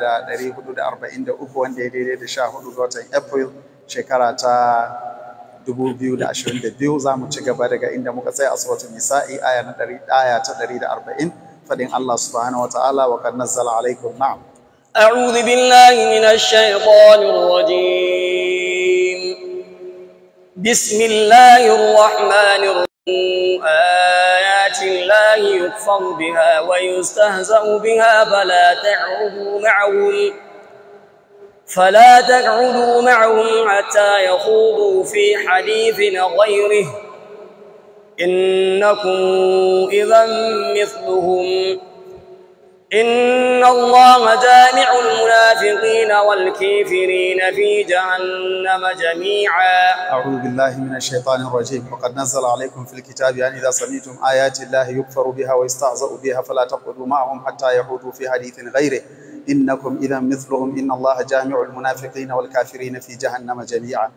da 443 wanda ya daidai da 14 ga watan April shekara ta 2022 za mu ci gaba daga inda muka tsaya a suratul nisa'i aya na 100 aya ta 140 fadin Allah subhanahu wa ta'ala wa kan nazzala alaykum na'am a'udhu billahi minash shaitanir rajim bismillahir rahmanir rahim آيات الله يكفر بها ويستهزأ بها فلا تعودوا معهم فلا تقعدوا معهم حتى يخوضوا في حديث غيره إنكم إذا مثلهم إن الله جامع المنافقين والكافرين في جهنم جميعا أعوذ بالله من الشيطان الرجيم وقد نزل عليكم في الكتاب أن يعني إذا سمعتم آيات الله يكفر بها ويستعزأ بها فلا تقعدوا معهم حتى يعودوا في حديث غيره إنكم إذا مثلهم إن الله جامع المنافقين والكافرين في جهنم جميعا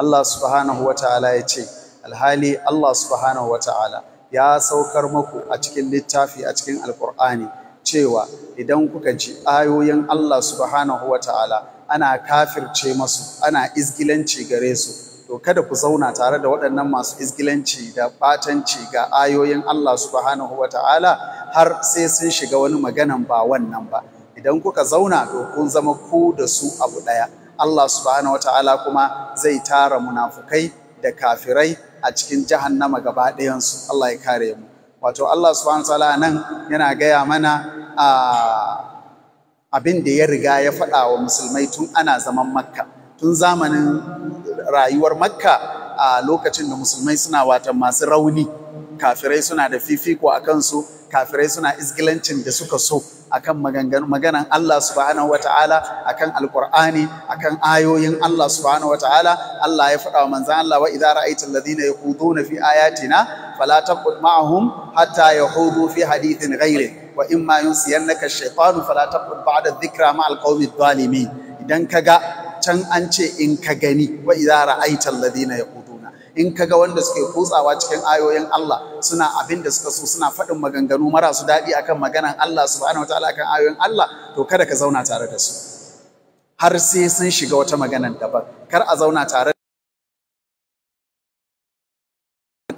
الله سبحانه وتعالى يتي الحالي الله سبحانه وتعالى يا سوكر مكو أتكن للتافي أتكن القرآني cewa idan kuka ji ayoyin Allah subhanahu wa ta'ala ana kafirce masu ana izgilanci gare su to kada ku zauna tare da waɗannan masu izgilanci da batanci ga ayoyin Allah subhanahu wa ta'ala har sai sun shiga wani maganan ba wannan ba idan kuka zauna to kun zama ku da su abu ɗaya Allah subhanahu wa ta'ala kuma zai tara munafukai da kafirai a cikin jahannama gaba ɗayansu Allah ya kare mu wato Allah subhanahu nan yana gaya mana a abin da ya riga ya faɗa wa musulmai tun ana zaman makka tun zamanin rayuwar makka a lokacin da musulmai suna watan masu rauni kafirai suna da fifiko a kansu kafirai suna isgilancin da suka so akan maganan Allah subhanahu wataala akan alqur'ani akan ayoyin Allah subhanahu wataala Allah ya faɗa wa manzon Allah wa idza ra'aital ladina yakhuduna fi ayatina fala taqud ma'ahum hatta yahudu fi hadithin ghairi wa imma yunsiyannaka ash-shaytanu fala taqud ba'da dhikra ma'al qaumi adh-dhalimin idan kaga can an ce in ka gani wa idza ra'aital ladina yaqulu in ka ga wanda suke kutsawa cikin ayoyin Allah suna abin da suka so suna faɗin maganganu marasu daɗi akan maganan Allah subhanahu wataala akan ayoyin Allah to kada ka zauna tare da su har sai sun shiga wata maganan daban kar a zauna tare da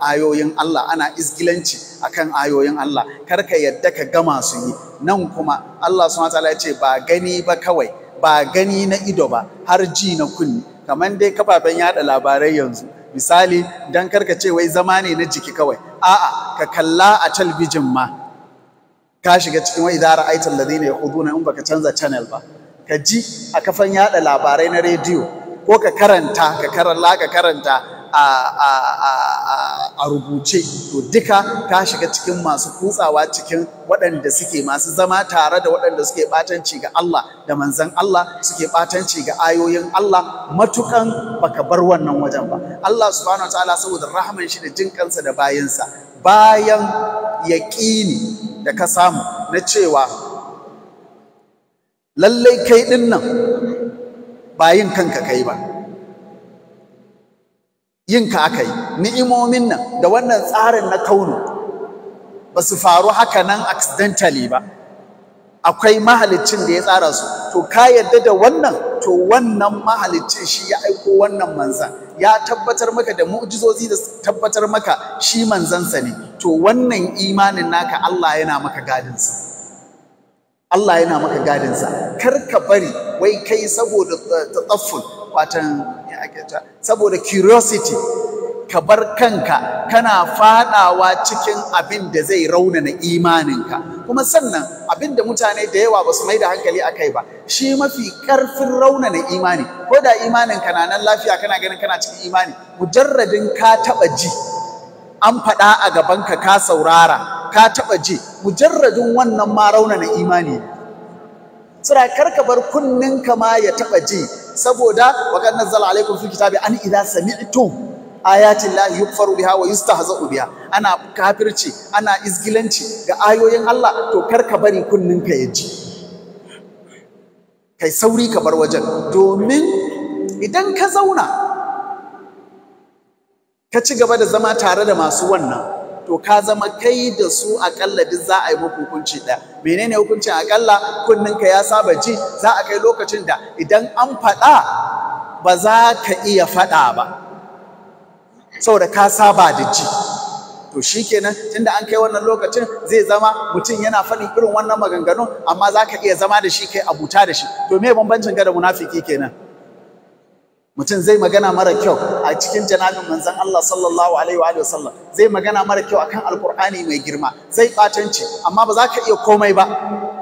ayoyin Allah ana izgilanci akan ayoyin Allah kar ka yadda ka gama su yi nan kuma Allah subhanahu wataala ya ce ba gani ba kawai ba gani na ido ba har ji na kunni kamar dai kafafen yada labarai yanzu misali dan karka ce wai zama ne na jiki kawai a'a ka kalla a talbijin ma ka shiga cikin wai idara aitan ladina na in baka canza channel ba ka ji a kafan yada labarai na rediyo ko ka karanta ka karalla ka karanta a rubuce to duka ta shiga cikin masu kutsawa cikin waɗanda suke masu zama tare da waɗanda suke ɓatanci ga Allah da manzan Allah suke ɓatanci ga ayoyin Allah matukan baka bar wannan wajen ba Allah subhanahu wataala saboda Rahman shi da jin kansa da bayansa bayan yaƙini da ka samu na cewa lallai kai ɗin nan bayin kanka kai ba yin ka aka yi ni'imomin nan da wannan tsarin na kaunu ba su faru haka nan accidentally ba akwai mahalicin da ya tsara su to ka yadda da wannan to wannan mahalicin shi ya aiko wannan manzan ya tabbatar maka da mu'jizozi da tabbatar maka shi manzansa ne to wannan imanin naka Allah yana maka gadinsa Allah yana maka gadinsa kar ka bari wai kai saboda eh, tatafful ta saboda curiosity ka bar kanka kana fadawa cikin abin da zai raunana imaninka kuma sannan abin da mutane da yawa ba su mai da hankali a kai ba shi mafi karfin raunana imani ko da imaninka na nan lafiya kana ganin kana cikin imani mujarradin ka taba ji an faɗa a gabanka ka saurara ka taba ji mujarradin wannan ma raunana imani kar karka bar kunninka ma ya taɓa ji saboda wa kad nazzala alaikum fil kitabi an idza sami'tum ayatin lahi yukfaru biha wa yustahza'u biha ana kafirci ana izgilanci ga ayoyin Allah to kar ka bari kunnin ka yaji kai sauri ka bar wajen domin idan ka zauna ka ci gaba da zama tare da masu wannan to ka zama kai da su akalla duk za a yi muku hukunci ɗaya menene hukuncin akalla kunninka ya saba ji za a kai lokacin da idan an faɗa ba za ka iya faɗa ba saboda ka saba da ji to shi shikenan tunda an kai wannan lokacin zai zama mutum yana faɗin irin wannan maganganun amma za ka iya zama da shi kai abuta da shi to me bambancin ga da munafiki kenan mutum zai magana mara kyau a cikin janabin manzon Allah sallallahu alaihi wa sallam zai magana mara kyau akan alkur'ani mai girma zai batanci amma ba za ka iya komai ba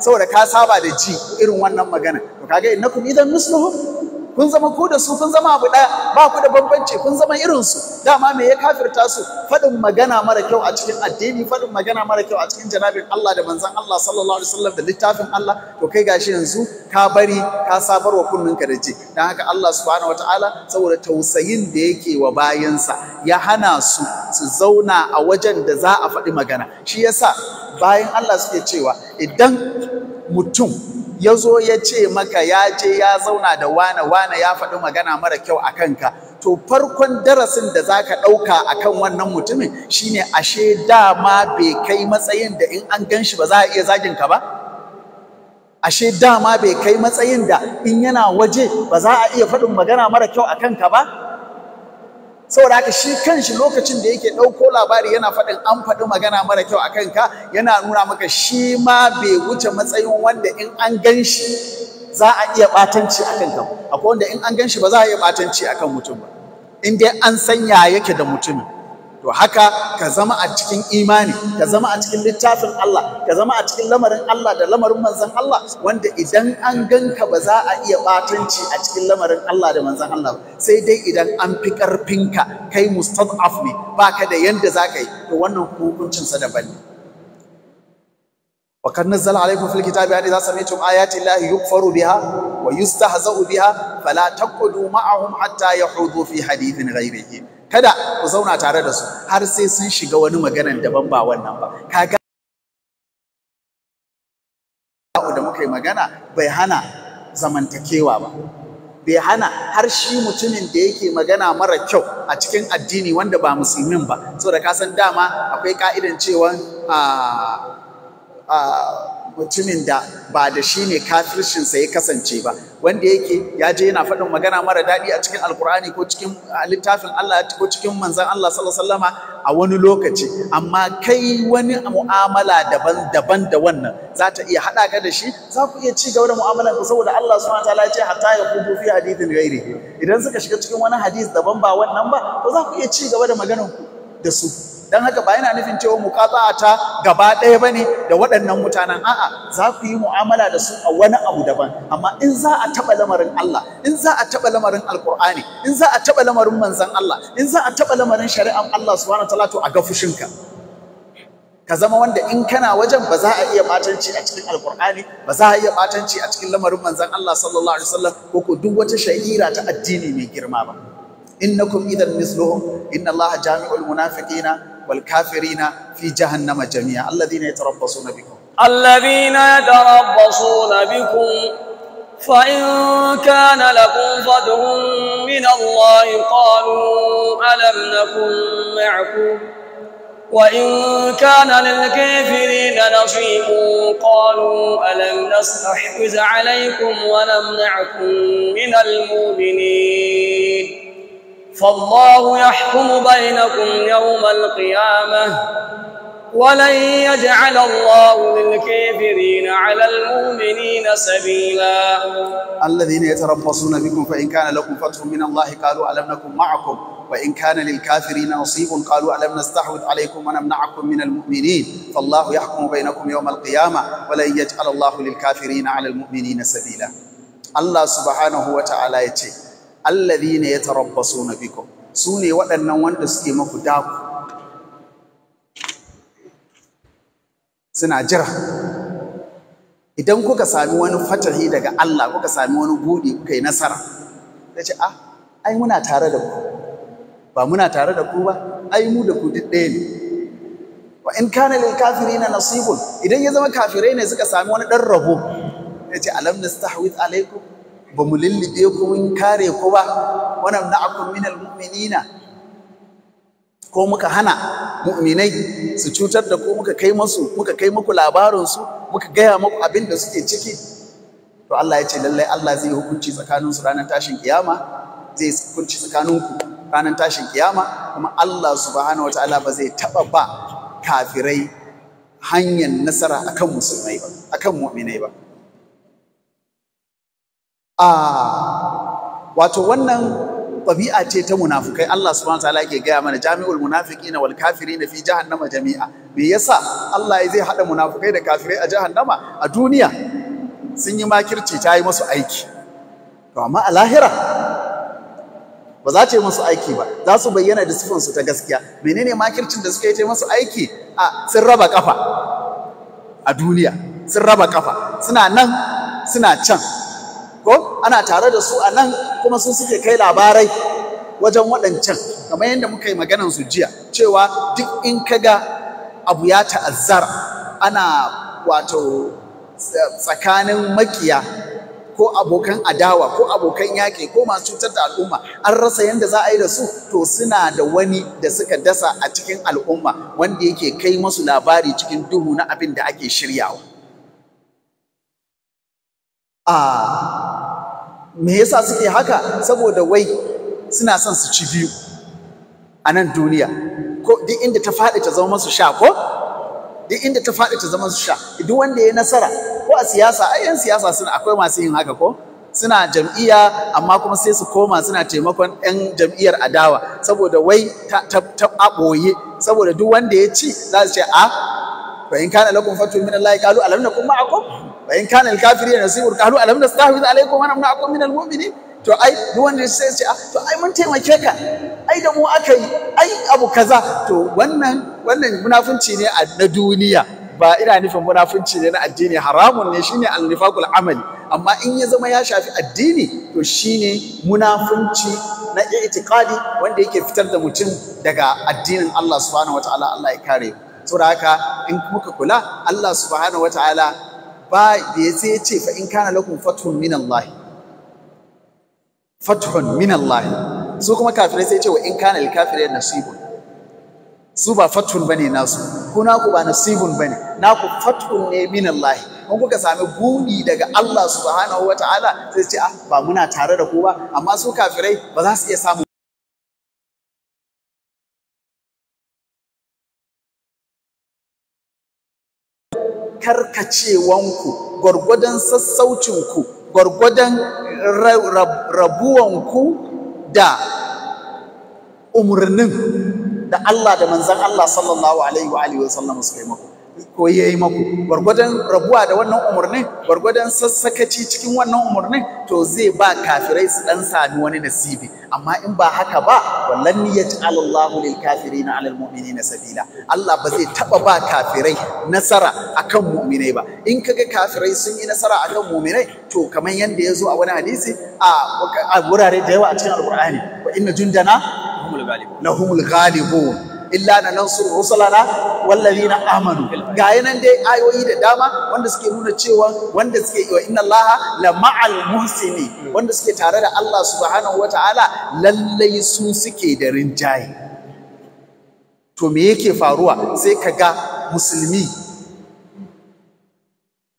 saboda ka saba da ji irin wannan magana to kaga innakum idan misluhum kun zama ku da su kun zama abu ɗaya ba ku da bambanci kun zama irin su. dama me ya kafirta su faɗin magana mara kyau a cikin addini faɗin magana mara kyau a cikin janabin Allah da manzon Allah sallallahu alaihi wasallam da littafin Allah to kai gashi yanzu ka bari ka sabar wa kunninka da ji dan haka Allah subhanahu wataala saboda tausayin da yake wa bayansa ya hana su su zauna a wajen da za a faɗi magana shi yasa bayan Allah suke cewa idan mutum ya zo ya ce maka ya je ya zauna da wane wane ya faɗi magana mara kyau a kanka to farkon darasin da za ka ɗauka a kan wannan mutumin shine ashe dama bai kai matsayin da in an gan shi ba za a iya zagin ka ba ashe dama bai kai matsayin da in yana waje ba za a iya faɗin magana mara kyau a kanka ba saboda haka shi kanshi lokacin da yake ɗauko labari yana faɗin an faɗi magana mara kyau a kanka yana nuna maka shi ma bai wuce matsayin wanda in an gan shi za a iya ɓatanci a kanka akwai wanda in an gan shi ba za a iya ɓatanci a kan mutum ba in dai an san ya yake da mutumin to haka ka zama a cikin imani ka zama a cikin littafin Allah ka zama a cikin lamarin Allah da lamarin manzon Allah wanda idan an ganka ba za a iya batanci a cikin lamarin Allah da manzon Allah sai dai idan an fi karfinka kai mustad'af ne baka da yanda za ka yi to wannan hukuncin sa daban ne وقد نزل عليكم في الكتاب أن إذا سمعتم ubiha, الله يكفر بها ويستهزأ بها فلا تقعدوا معهم حتى يخوضوا في حديث غيره kada ku zauna tare da su har sai sun shiga wani maganan daban ba wannan ba kaga da muka yi magana bai hana zamantakewa ba bai hana har shi mutumin da yake magana mara kyau a cikin addini wanda ba musulmin ba saboda ka san dama akwai ka'idan cewa ah, ah, mutumin da ba da shi ne kafircinsa ya kasance ba wanda yake ya je yana faɗin magana mara daɗi a cikin alkur'ani ko cikin littafin Allah ko cikin manzan Allah sallallahu a wani lokaci amma kai wani mu'amala daban daban da wannan za ta iya haɗa ka da shi za ku iya ci gaba da mu'amalan ku saboda Allah subhanahu wataala ya ce hatta ya kubu fi hadithin ghairi idan suka shiga cikin wani hadis daban ba wannan ba to za ku iya ci gaba da maganar ku da su dan haka ba yana nufin cewa muqata'a ta gaba ɗaya bane da waɗannan mutanen a'a za ku yi mu'amala da su a wani abu daban amma in za a taɓa lamarin Allah in za a taɓa lamarin Alƙur'ani in za a taɓa lamarin manzon Allah in za a taɓa lamarin shari'ar Allah subhanahu ta'ala to a ga fushinka ka zama wanda in kana wajen ba za a iya batanci a cikin alkur'ani ba za a iya batanci a cikin lamarin manzon Allah sallallahu alaihi wasallam ko ko duk wata shahira ta addini mai girma ba innakum idan misluhum inna allaha jami'ul munafiqina والكافرين في جهنم جميعا الذين يتربصون بكم الذين يتربصون بكم فإن كان لكم فتح من الله قالوا ألم نكن معكم وإن كان للكافرين نصيب قالوا ألم نستحوذ عليكم ونمنعكم من المؤمنين فالله يحكم بينكم يوم القيامة ولن يجعل الله للكافرين على المؤمنين سبيلا الذين يتربصون بكم فإن كان لكم فتح من الله قالوا ألم نكن معكم وإن كان للكافرين نصيب قالوا ألم نستحوذ عليكم ونمنعكم من المؤمنين فالله يحكم بينكم يوم القيامة ولن يجعل الله للكافرين على المؤمنين سبيلا الله سبحانه وتعالى يتيه ne ya alladhina yatarabbasuna biko su ne waɗannan wanda suke maku daku suna jira idan kuka sami wani fatahi daga Allah kuka sami wani gudi kuka yi nasara ta ce ah ai muna tare da ku ba muna tare da ku ba ai mu da ku duk ɗaya ne wa in kana lil kafirina nasibun idan ya zama kafirai ne suka sami wani ɗan rabo ya ce alam nastahwid alaikum ba mu lullube ku mun kare ku ba wannan na'akum min almu'minina ko muka hana mu'minai su cutar da ku muka kai musu muka kai muku labarin su muka gaya muku abin da suke ciki to Allah ya ce lallai Allah zai hukunci tsakanin su ranar tashin kiyama zai hukunci tsakanin ku ranar tashin kiyama kuma Allah subhanahu wataala ba zai taba ba kafirai hanyar nasara akan musulmai ba akan mu'minai ba a wato wannan ɗabi'a ce ta munafukai Allah subhanahu wataala yake gaya mana jami'ul na wal na fi jahannama jami'a me yasa Allah zai haɗa munafukai da kafirai a jahannama a duniya sun yi makirci ta yi musu aiki to amma a lahira ba za ta yi musu aiki ba za su bayyana da sifan su ta gaskiya menene makircin da suka yi ta musu aiki a sun raba kafa a duniya sun raba kafa suna nan suna can ko ana tare da su a nan kuma sun suke kai labarai wajen waɗancan kamar yadda muka yi maganan su jiya cewa duk in ka ga abu ya ta'azzara ana wato eh, tsakanin makiya ko abokan adawa ko abokan yaƙi ko masu cutar da al'umma an rasa yadda za a yi da su to suna da wani da suka dasa a cikin al'umma wanda yake kai masu labari cikin duhu na abin da ake shiryawa. Ah, me yasa suke haka saboda wai suna son su ci biyu a nan duniya ko duk inda ta faɗi ta zama su sha ko duk inda ta faɗi ta zama su sha duk wanda ya nasara ko a siyasa ai yan siyasa suna akwai masu yin haka ko suna jam'iyya amma kuma sai su koma suna taimakon yan jam'iyyar adawa saboda wai ta ta ɓoye saboda duk wanda ya ci za su ce a ah, fa in kana lakum fatu min Allah qalu alamna kum ma'akum wa in kana al-kafiri nasibu qalu alam nastahwiz alaykum wa to ai duk wanda sai ce to ai mun taimake ka ai da mu aka yi ai abu kaza to wannan wannan munafunci ne na duniya ba ina nufin munafunci ne na addini haramun ne shine al-nifaqul amali amma in ya zama ya shafi addini to shine munafunci na i'tiqadi wanda yake fitar da mutum daga addinin Allah subhanahu wataala Allah ya kare saboda haka in muka kula Allah subhanahu wataala ba da sai ya ce fa in kana lakum fathun min Allah fathun min Allah su kuma kafirai sai ya ce wa in kana lil kafirin nasibun su ba fathun bane nasu ko naku ba nasibun bane ku fathun ne min Allah in kuka sami buɗi daga Allah subhanahu wataala sai ce ah ba muna tare da ku ba amma su kafirai ba za su iya samu karkacewanku gwargwadon sassaucinku gwargwadon rabuwanku da umarnin da Allah da manzan Allah sallallahu alaihi wa alihi wa sallam suka yi muku koyi yi maku gwargwadon rabuwa da wannan umarnin gwargwadon sassakaci cikin wannan umarnin to zai ba kafirai su dan sami wani nasibi amma in ba haka ba wallan ya yaj'al Allahu lil kafirina 'ala al mu'minina sabila Allah ba zai taba ba kafirai nasara akan mu'minai ba in kaga kafirai sun yi nasara akan mu'minai to kamar yanda ya zo a wani hadisi a wurare da yawa a cikin alqur'ani wa inna jundana lahumul ghalibun illa na nansur rusulana wallazina amanu ga yanan dai ayoyi da dama wanda suke nuna cewa wanda suke wa inna allaha la ma'al muhsini wanda suke tare da Allah subhanahu wataala lallai su suke da rinjaye to me yake faruwa sai ka ga musulmi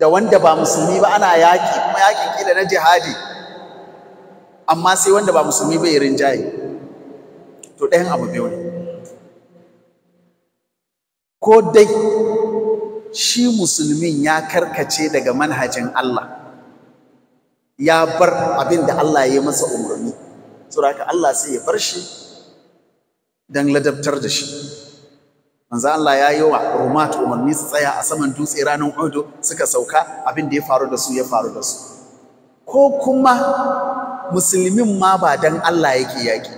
da wanda ba musulmi ba ana yaƙi kuma yaƙin kila na jihadi amma sai wanda ba musulmi bai rinjaye to ɗayan abu bai wani ko dai shi musulmin ya karkace daga manhajin Allah ya bar abin da Allah ya yi masa umarni saboda haka Allah sai ya bar shi dan ladabtar da shi manzo Allah ya yi wa rumat umarni su tsaya a saman dutse ranar Uhud suka sauka abin da ya faru da su ya faru da su ko kuma musulmin ma ba dan Allah yake yaki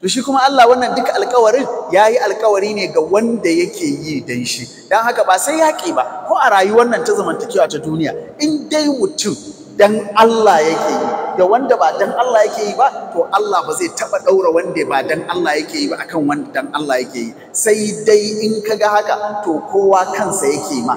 to shi kuma Allah wannan duka alkawarin ya yi alkawari ne ga wanda yake yi dan shi don haka ba sai yaƙi ba ko a rayuwar nan ta zamantakewa ta duniya in dai mutum dan Allah yake yi da wanda ba dan Allah yake yi ba to Allah ba zai taɓa ɗaura wanda ba dan Allah yake yi ba akan wanda dan Allah yake yi sai dai in ka ga haka to kowa kansa yake ma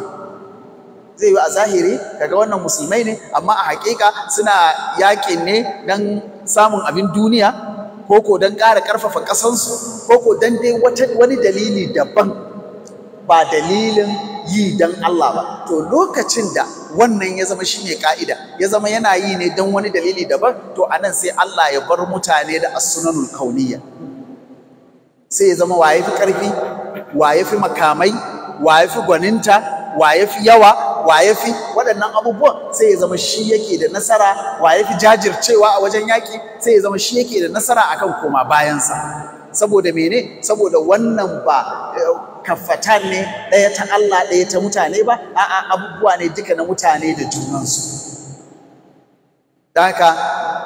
zai yi a zahiri kaga wannan musulmai ne amma a haƙiƙa suna yaƙin ne don samun abin duniya ko don ƙara ƙarfafa ƙasansu ko don dai wani dalili daban ba dalilin yi don Allah ba to lokacin da wannan ya zama shine ƙa'ida, ya zama yana yi ne don wani dalili daban to a nan sai Allah ya bar mutane da as-sunanul kauniyya sai ya zama waye fi ƙarfi waye fi makamai waye fi gwaninta wa ya fi yawa wa ya fi waɗannan abubuwan sai ya zama shi yake da nasara wa ya fi jajircewa a wajen yaƙi sai ya zama shi yake da nasara akan koma bayansa saboda mene saboda wannan ba eh, kafata ne ɗaya ta Allah ɗaya ta mutane ba a'a abubuwa ne duka na mutane da junansu don haka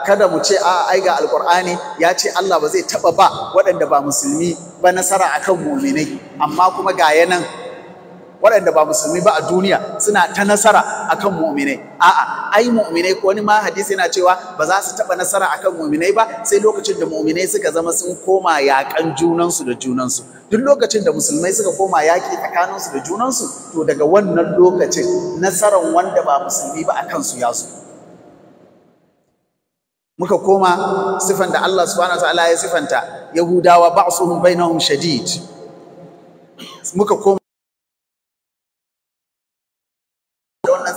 kada mu ce a ai ga alkur'ani ya ce Allah ba zai taɓa ba waɗanda ba musulmi ba nasara akan muminai amma kuma ga yanan waɗanda ba musulmi ba a duniya suna ta nasara akan mu'minai a'a ai mu'minai ko wani ma hadisi yana cewa ba za su taɓa nasara akan mu'minai ba sai lokacin da mu'minai suka zama sun koma yaƙan junansu da junansu duk lokacin da musulmai suka koma yaƙi tsakaninsu da junansu to daga wannan lokacin nasaran wanda ba musulmi ba a kansu ya zo muka koma sifan da Allah subhanahu wa ta'ala ya sifanta yahudawa ba'suhum bainahum shadid muka koma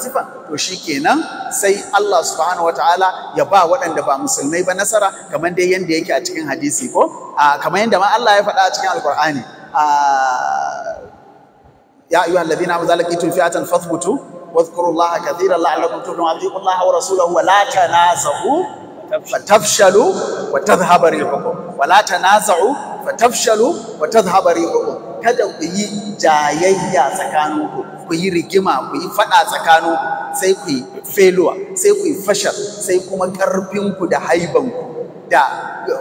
sifa to shi kenan sai Allah subhanahu wataala ya ba waɗanda ba musulmai ba nasara kamar dai yanda yake a cikin hadisi ko kamar yanda ma Allah ya faɗa a cikin alkur'ani ya ayyuhal ladina amanu zalakitum fi'atan fathbutu واذكروا الله كثيرا لعلكم تفلحون واطيعوا الله ورسوله ولا تنازعوا فتفشلوا وتذهب ريحكم ولا تنازعوا فتفشلوا وتذهب ريحكم kada ku yi jayayya tsakaninku ku yi rigima ku yi faɗa tsakanin sai ku yi sai ku yi fashar sai kuma ƙarfinku da haibanku da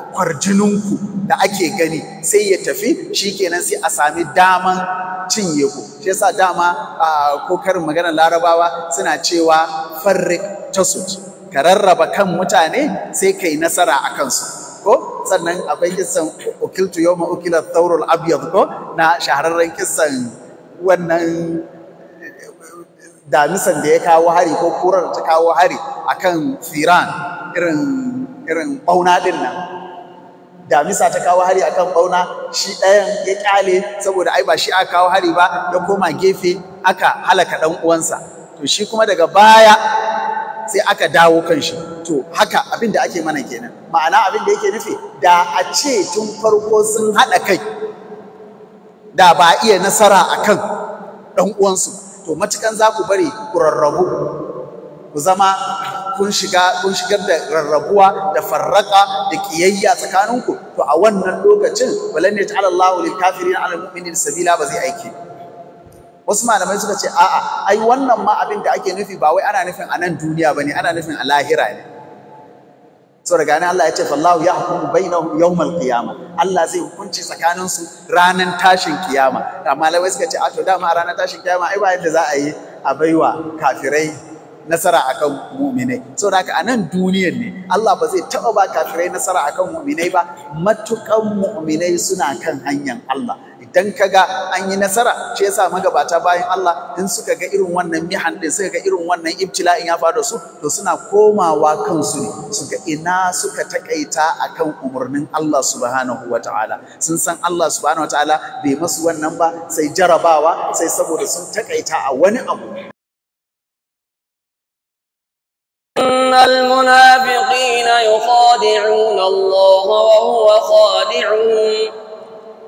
kwarjininku da ake gani sai ya tafi shikenan sai a sami daman cinye ku shi yasa dama a ko karin maganar larabawa suna cewa farrik tasut ka rarraba kan mutane sai kai nasara a kansu ko sannan akwai kisan ukiltu yawma Ukilar thawrul abyad ko na shahararren kisan wannan damisan da ya kawo hari ko kurar ta kawo hari akan firan irin bauna din nan damisa ta kawo hari akan bauna shi ɗayan ya kyale saboda ai ba shi aka kawo hari ba ya koma gefe aka halaka ɗan uwansa to shi kuma daga baya sai aka dawo kan shi to haka abin da ake mana kenan ma'ana abin da yake nufi da a ce tun farko sun haɗa kai da ba iya nasara akan ɗan uwansu to matukan za ku bari ku rarrabu ku zama kun shiga kun shigar da rarrabuwa da farraka da kiyayya tsakaninku to a wannan lokacin walan yaj'al Allahu lil kafirin 'ala muminin sabila ba zai aiki wasu malamai suka ce a'a ai wannan ma abin da ake nufi ba wai ana nufin a nan duniya bane ana nufin a lahira ne so daga nan Allah ya ce fallahu hukumu bainahum yawmal qiyama Allah zai hukunci tsakanin su ranan tashin kiyama amma lawai suka ce a to dama ranan tashin kiyama ai ba yadda za a yi a baiwa kafirai nasara akan mu'minai saboda haka a nan duniyar ne Allah ba zai taɓa ba kafirai nasara akan mu'minai ba matukan mu'minai suna kan hanyar Allah idan ka ga an yi nasara ce yasa magabata bayan Allah in suka ga irin wannan mihan din suka ga irin wannan ibtila'in ya faru su to suna komawa kansu ne suka ina suka takaita akan umarnin Allah subhanahu wataala sun san Allah subhanahu wataala bai masu wannan ba sai jarabawa sai saboda sun takaita a wani abu المنافقين يخادعون الله وهو خادعهم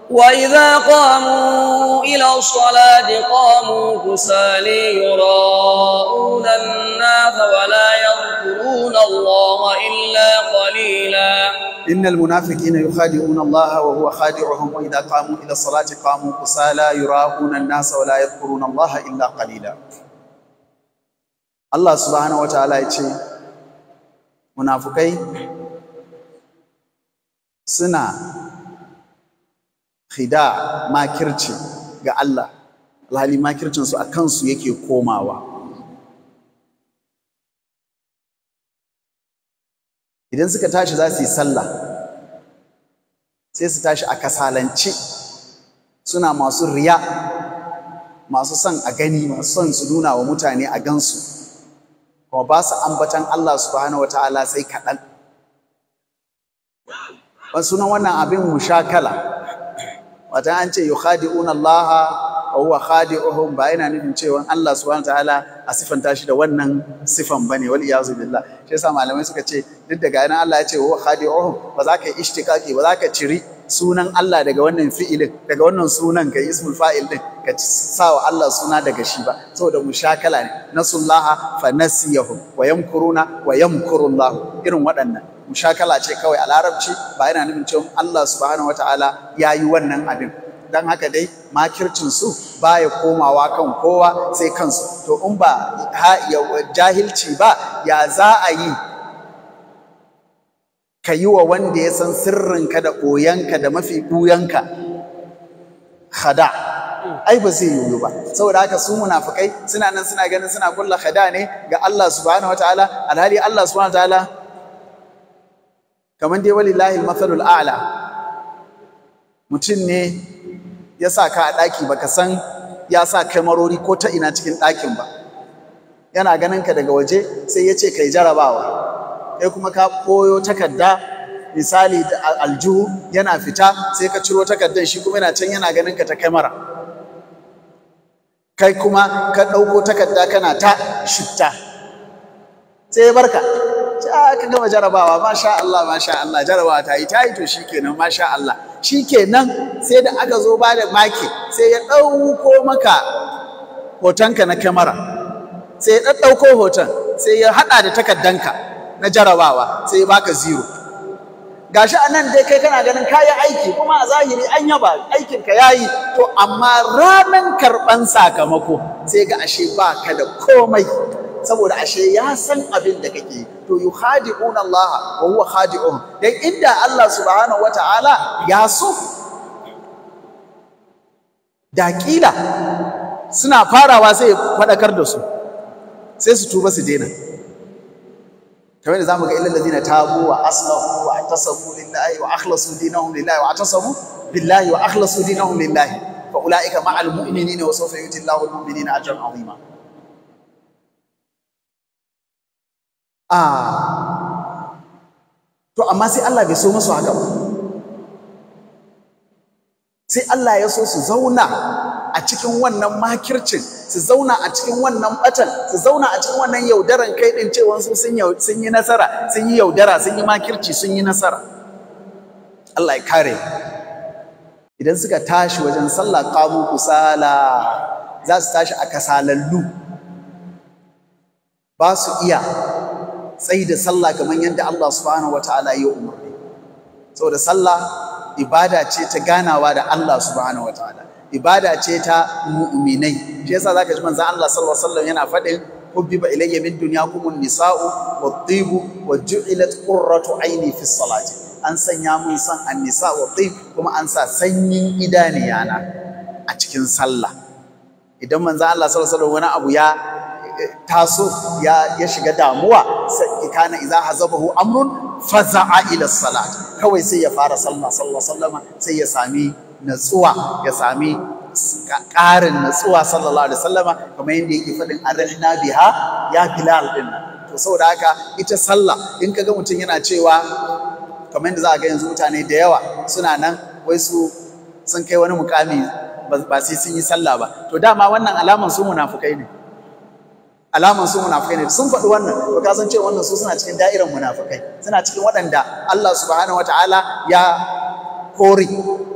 وإذا قاموا إلى الصلاة قاموا كسالي يراءون الناس ولا يذكرون الله إلا قليلا إن المنافقين يخادعون الله وهو خادعهم وإذا قاموا إلى الصلاة قاموا كسالى يراءون الناس ولا يذكرون الله إلا قليلا الله سبحانه وتعالى يقول munafukai suna khida makirci ga Allah alhali makircinsu a kansu yake komawa idan suka tashi za su yi sallah sai su tashi a kasalanci suna masu riya masu son a gani masu son su nuna wa mutane a gansu kuma ba su ambatan Allah subhanahu wataala sai kaɗan sunan wannan abin mushakala wata an ce yukhadi'una unallaha, wa huwa ohun ba yana nufin cewa Allah subhanahu ta'ala a sifanta shi da wannan sifan bane wal iyazu billah shi yasa malamai suka ce duk da ga Allah ya ce wa ohun ba za ka yi ishtiqaqi ba za ka ciri sunan Allah daga wannan fi'ilin daga wannan sunan kai ismul fa'il din ka sa wa Allah suna daga shi ba saboda shakala ne nasullaha fa nasiyahum wa yamkuruna wa yamkurullahu irin waɗannan mushakala ce kawai a larabci ba yana nufin cewa Allah subhanahu wataala ya yi wannan abin dan haka dai makircin su baya komawa kan kowa sai kansu to in ba jahilci ba ya za a yi ka yi wa wanda ya san sirrinka da ɓoyanka da mafi ɓuyanka hada ai ba zai yiwu ba saboda haka su munafukai suna nan suna ganin suna kulla hada ne ga Allah subhanahu wataala alhali Allah subhanahu wataala kamar dai walillahi al-mathalul a'la mutum ne ya sa ka a ɗaki baka san ya sa kai marori ko ta ina cikin ɗakin ba yana ganin ka daga waje sai ya ce kai jarabawa kai kuma ka koyo takarda misali da aljihu yana fita sai ka ciro takardar shi kuma yana can yana ganin ka ta kamera kai kuma ka ɗauko takarda kana ta shitta sai ya barka ah, ka gama jarabawa masha Allah masha Allah jarabawa ta yi ta yi to shikenan masha Allah shikenan sai da aka zo ba da maki sai ya ɗauko maka hotonka na kyamara sai ya ɗauko hoton sai ya haɗa da takardanka na jarabawa sai baka zero gashi a nan dai kai kana ganin kayi aiki kuma a zahiri an yaba ka yayi to amma ranar karɓan sakamako sai ga ashe ba ka da komai saboda ashe ya san abin da kake to yukhadi'un Allah wa huwa khadi'un dan inda Allah subhanahu wata'ala ya so da kila suna farawa sai ya fadakar da su sai su tuba su daina kamar da zamu ga illal ladina tabu wa aslahu wa tasabu lillahi wa akhlasu dinahum lillahi wa tasabu billahi wa akhlasu dinahum lillahi fa ulaika ma'al mu'minina wa sawfa yu'ti Allahu al-mu'minina ajran 'azima ah to amma sai Allah bai so musu haka ba sai Allah ya so su zauna a cikin wannan makircin su zauna a cikin wannan batan su zauna a cikin wannan yaudaran kai din cewa su sun yi nasara sun yi yaudara sun yi makirci sun yi nasara Allah ya kare idan suka tashi wajen sallah qamu kusala za su tashi a kasalallu ba su iya tsayi da sallah kamar yadda Allah subhanahu wataala ya umarni saboda sallah ibada ce ta ganawa da Allah subhanahu wataala ibada ce ta mu'minai shi yasa zaka ji manzon Allah sallallahu alaihi wasallam yana faɗin hubbiba ilayya min kuma nisa'u wat-tibu wa ju'ilat qurratu aini fi salati an sanya mun san an-nisa wa kuma an sa sanyin idaniyana a cikin sallah idan manzon Allah sallallahu alaihi wasallam wani abu ya eh, taso ya ya shiga damuwa sai kana idza hazabahu amrun faza'a ila salat kawai sai ya fara sallah sallallahu alaihi sai ya sami natsuwa ya sami ƙarin natsuwa sallallahu alaihi wasallama kamar yadda yake faɗin arrahna biha ya bilal din to saboda haka ita sallah in kaga mutum yana cewa kamar yadda za a ga yanzu mutane da yawa suna nan wai su sun kai wani mukami ba sai sun yi sallah ba to dama wannan alaman su munafukai ne alaman su munafukai ne sun faɗi wannan to ka san cewa wannan su suna cikin da'irar munafukai suna cikin waɗanda Allah subhanahu wataala ya kore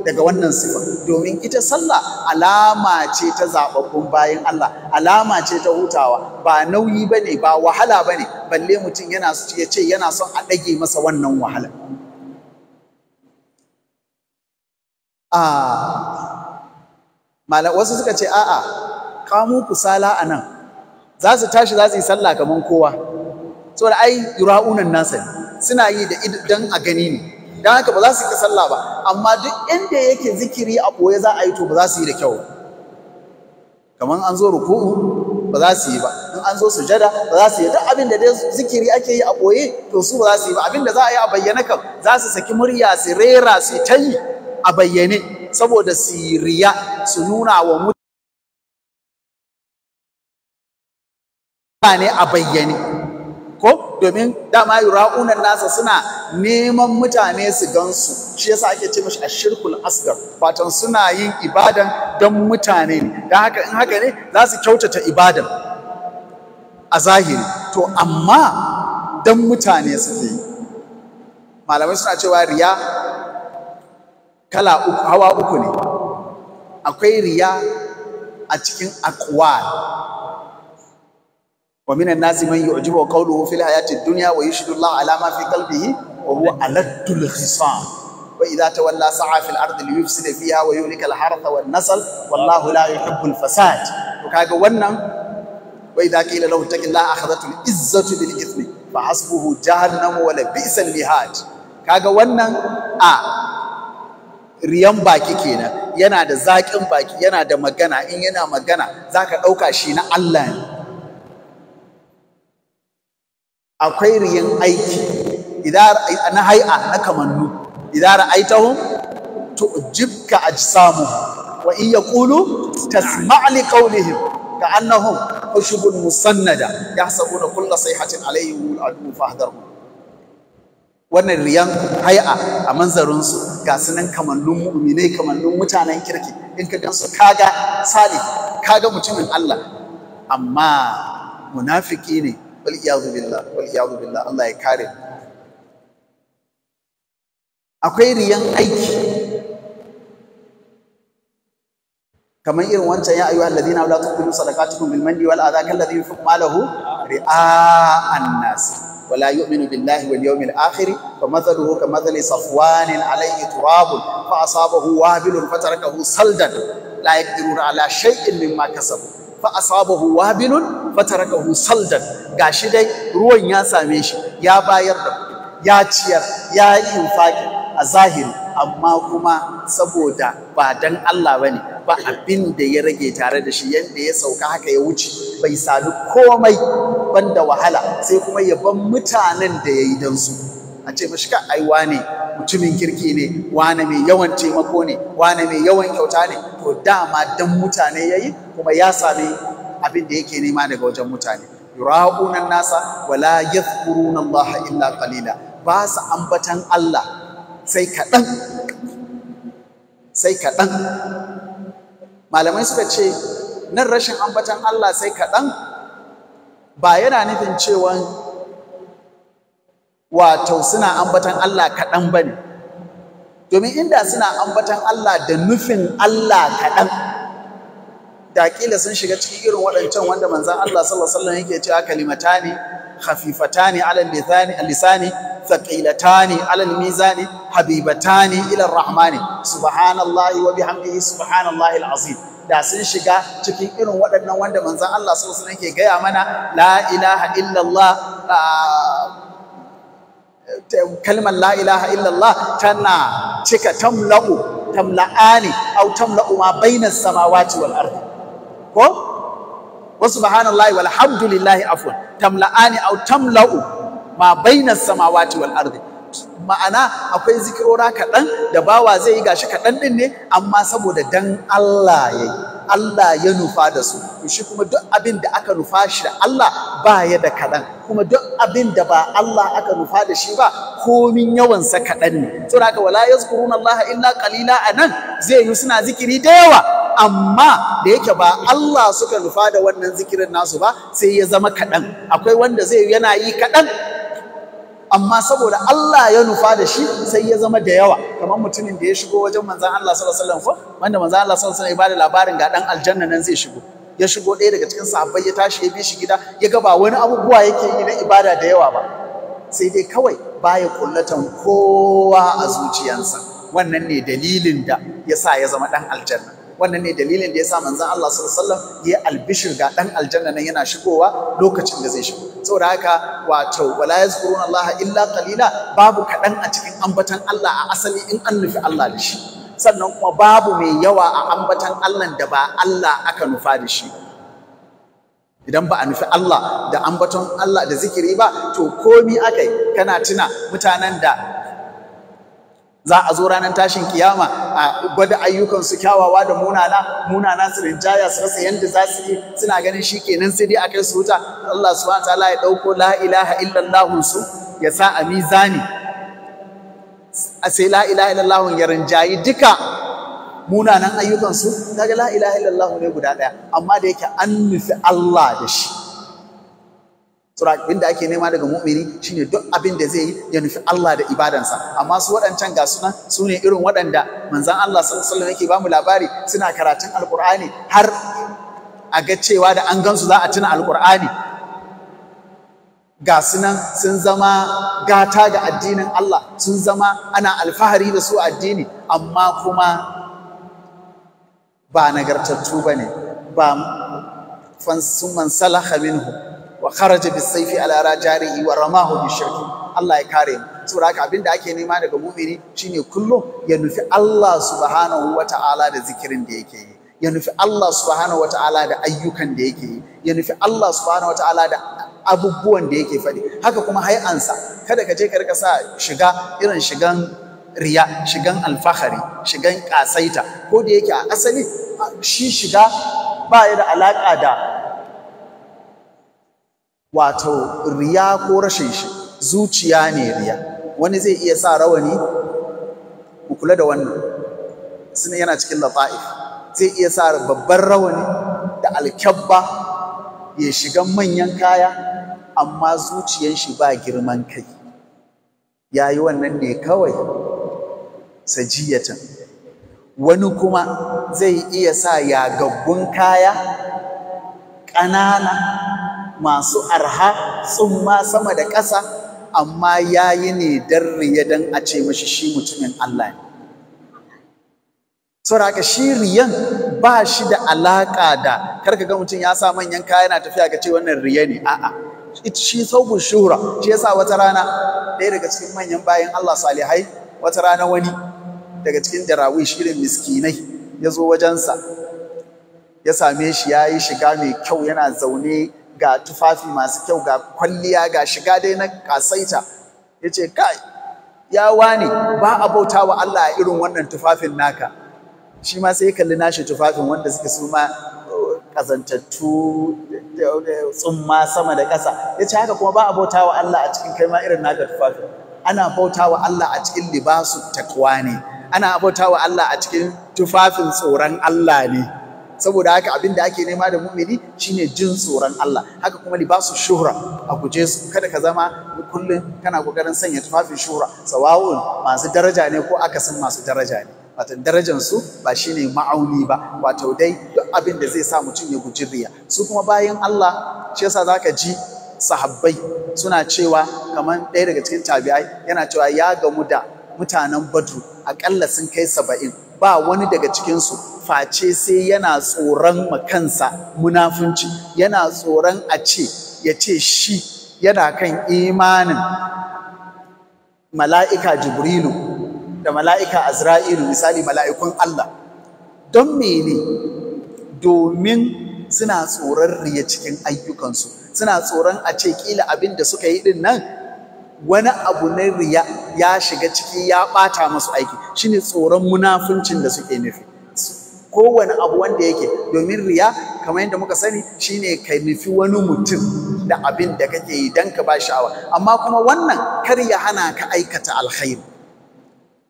daga wannan sifa domin ita sallah alama ce ta zababbun bayan Allah alama ce ta hutawa ba nauyi bane ba wahala bane balle mutum yana ya ce yana son a ɗage masa wannan wahala wasu suka ce a'a kamu kusala a nan za su tashi za su yi sallah kamar kowa saboda ai yura'unan nasa suna yi da idan a gani ne dan haka ba za su yi sallah ba amma duk inda yake zikiri a ɓoye za a yi to ba za su yi da kyau kamar an zo ruku'u ba za su yi ba in an zo sujada ba za su yi duk abin da zikiri ake yi a boye to su ba za su yi ba abin da za a yi a bayyana kam za su saki murya su rera su ta a bayyane saboda su riya su nuna wa mutane a bayyane domin dama yura'unan nasa suna neman mutane su gansu shi yasa ake ce mashi ashirkul asgar fatan suna yin ibadan don mutane ne don haka in haka ne za su kyautata ibadan a zahiri to amma don mutane su ke, malamai suna cewa riya kala uku hawa uku ne akwai riya a cikin akwal ومن الناس من يعجبه قوله في الحياة الدنيا ويشهد الله على ما في قلبه وهو ألد الخصام وإذا تولى سعى في الأرض ليفسد فيها ويهلك الحرث والنسل والله لا يحب الفساد وكاغا ونن وإذا قيل له اتق الله أخذته العزة بالإثم فحسبه جهنم ولبئس المهاد kaga wannan a riyan baki kenan yana da zaƙin baki yana da magana in yana magana zaka ɗauka shi na Allah ne akwai riyan aiki na hai'a na kamannu idan ra'aitahum tu'jibka ajsamu wa in yaqulu tasma' li qawlihim ka'annahum ushbun musannada yahsabuna kulla sayhatin alayhim al'adu fahdharhum wannan riyan hai'a a manzarin su ga sunan kamannun mu'minai kamannun mutanen kirki in ka gansu kaga sali kaga mutumin Allah amma munafiki ne wal billah wal billah Allah ya kare akwai riyan aiki kamar irin wancan ya ayu alladhina la tuqbilu sadaqatukum bil manni wal adha kalladhi yunfiqu malahu ri'a an-nas ولا يؤمن بالله واليوم الآخر فمثله كمثل صفوان عليه تراب فأصابه وابل فتركه صلدا لا يقدرون على شيء مما كسبوا فأصابه وابل fatarakahu saldan shi dai ruwan ya same shi ya bayar da ya ciyar ya yi infaki a zahiri amma kuma saboda ba dan Allah bane ba abin da ya rage tare da shi yanda ya sauka haka ya wuce bai sadu komai banda wahala sai kuma ya ban mutanen da ya yi dan su a ce mashi ka ai wane mutumin kirki ne wane mai yawan taimako ne wane mai yawan kyauta ne to dama dan mutane yayi kuma ya same. abin da yake nema daga wajen mutane yura'una nasa wala yadhkuruna Allah illa qalila ba su ambatan Allah sai kaɗan sai kaɗan malamai suka ce nan rashin ambatan Allah sai kaɗan ba yana nufin cewa wato suna ambatan Allah kaɗan ba ne domin inda suna ambatan Allah da nufin Allah kaɗan da kila sun shiga cikin irin waɗancan wanda manzan Allah sallallahu alaihi wasallam yake cewa kalimatani khafifatani ala lisani lisani thaqilatani ala mizani habibatani ila rahmani subhanallahi wa bihamdihi subhanallahi alazim da sun shiga cikin irin waɗannan wanda manzan Allah sallallahu alaihi wasallam yake gaya mana la ilaha illallah kalmar la ilaha illallah tana cika tamla'u tamla'ani au tamla'u ma bainas samawati wal ardi ko wa subhanallahi walhamdulillahi afwan tamla'ani aw tamla'u ma baina samawati wal ardi ma'ana akwai zikirora kaɗan da bawa zai yi gashi kaɗan ɗin ne amma saboda dan Allah ya Allah ya nufa da su to shi kuma duk abin da aka nufa shi da Allah ba ya da kaɗan kuma duk abin da ba Allah aka nufa da shi ba komin yawansa kaɗan ne to haka wala yazkuruna Allah illa qalila anan zai yi suna zikiri da yawa amma da yake ba Allah suka nufa da wannan zikirin nasu ba sai ya zama kaɗan akwai wanda zai yana yi kaɗan amma saboda Allah ya nufa da shi sai ya zama da yawa kamar mutumin da ya shigo wajen manzan Allah sallallahu alaihi wasallam wanda manzan Allah sallallahu alaihi wasallam ya bada labarin ga dan aljanna nan zai shigo ya shigo ɗaya daga cikin sahabbai ya tashi ya bi shi gida ya ga ba wani abubuwa yake yi na ibada da yawa ba sai dai kawai baya kullatan kowa a zuciyarsa wannan ne dalilin da yasa ya zama ɗan aljanna wannan ne dalilin da ya sa manzon Allah sallallahu alaihi wasallam ya albishir ga dan aljanna nan yana shigowa lokacin da zai shigo saboda haka wato wala yazkuruna Allah illa qalila babu kadan a cikin ambatan Allah a asali in an nufi Allah da shi sannan kuma babu mai yawa a ambatan Allah da ba Allah aka nufa da shi idan ba a nufi Allah da ambaton Allah da zikiri ba to komi akai kana tuna mutanen da za a zo ranar tashin kiyama a gwada ayyukan su kyawawa da munana munana su rinjaya su rasa yanda za su yi suna ganin shi kenan sai dai akai su wuta Allah subhanahu wataala ya dauko la ilaha illallah su ya sa a mizani a sai la ilaha illallah ya rinjayi duka munanan ayyukan su kaga la ilaha illallah ne guda daya amma da yake an nufi Allah da shi Sura da ake nema daga mu'mini shine duk abin da zai yi ya nufi Allah da ibadansa. Amma su waɗancan ga suna su ne irin waɗanda manzan Allah sallallahu alaihi yake bamu labari suna karatun Alƙur'ani har a ga cewa da an gansu za a tuna Alƙur'ani. Ga sunan sun zama gata ga addinin Allah, sun zama ana alfahari da su addini, amma kuma ba nagartattu ba ne, ba sun man salaha minhu wa kharaja bis sayfi ala rajarihi wa ramahu bi shirki Allah ya kare mu saboda abin da ake nema daga mu'mini shine kullum ya nufi Allah subhanahu ta'ala da zikirin da yake yi ya nufi Allah subhanahu ta'ala da ayyukan da yake yi ya nufi Allah subhanahu ta'ala da abubuwan da yake faɗi haka kuma hai'ansa kada ka je ka rika sa shiga irin shigan riya shigan alfahari shigan kasaita ko da yake a asali shi shiga ba ya da alaka da wato riya ko rashin shi zuciya ne riya wani zai iya sa rawani ku kula da wannan suna yana cikin lata'if zai iya sa babban rawani da alkyabba ya shiga manyan kaya amma zuciyan shi ba girman kai ya yi wannan ne kawai sajiyatan wani kuma zai iya sa yagaggun kaya ƙanana masu arha tsumma sama da ƙasa amma ya yi ne don riya don a ce mashi shi mutumin Allah ne. Saboda shi riyan ba shi da alaƙa da karka ga mutum ya sa manyan kaya yana tafiya ga ce wannan riya ne a'a shi saukun shura, shi yasa wata rana ɗaya daga cikin manyan bayan Allah salihai wata rana wani daga cikin darawish shirin miskinai ya zo wajensa ya same shi ya yi shiga mai kyau yana zaune ga tufafi masu kyau ga kwalliya ga shiga dai na kasaita ya ce kai ya wani. ba a bauta wa Allah a irin wannan tufafin naka shi ma sai kalli nashi tufafin wanda suka su ma kazantattu uh, tsumma sama da ƙasa ya ce haka kuma ba a bauta wa Allah a cikin kai ma irin naka tufafin ana bauta wa Allah a cikin libasu takwa ne ana bauta wa Allah a cikin tufafin tsoron Allah ne saboda haka abin da ake nema da mumini shine jin tsoron Allah haka kuma libasu shuhra a guje su kada ka zama kullum kana kokarin sanya tufafin shuhra sawawun masu daraja ne ko akasin masu daraja ne wato darajar su ba shine ma'auni ba wato dai duk abin da zai sa mutum ya guji riya su kuma bayan Allah shi yasa zaka ji sahabbai suna cewa kamar ɗaya daga cikin tabi'ai yana cewa ya gamu da mutanen Badru akalla sun kai saba'in ba wani daga cikinsu face sai yana tsoron makansa munafunci yana tsoron a ce ya ce shi yana kan imanin mala'ika jibrilu da mala'ika azra'ilu misali mala'ikun Allah don mene domin suna tsoron riya cikin ayyukansu suna tsoron a ce kila abin da suka yi din nan wani abu na riya ya shiga ciki ya ɓata masu aiki shine tsoron munafuncin da suke nufi kowane abu wanda yake domin riya kamar yadda muka sani shine ka nufi wani mutum da abin da kake yi don ka ba sha'awa amma kuma wannan kar ya hana ka aikata alkhairi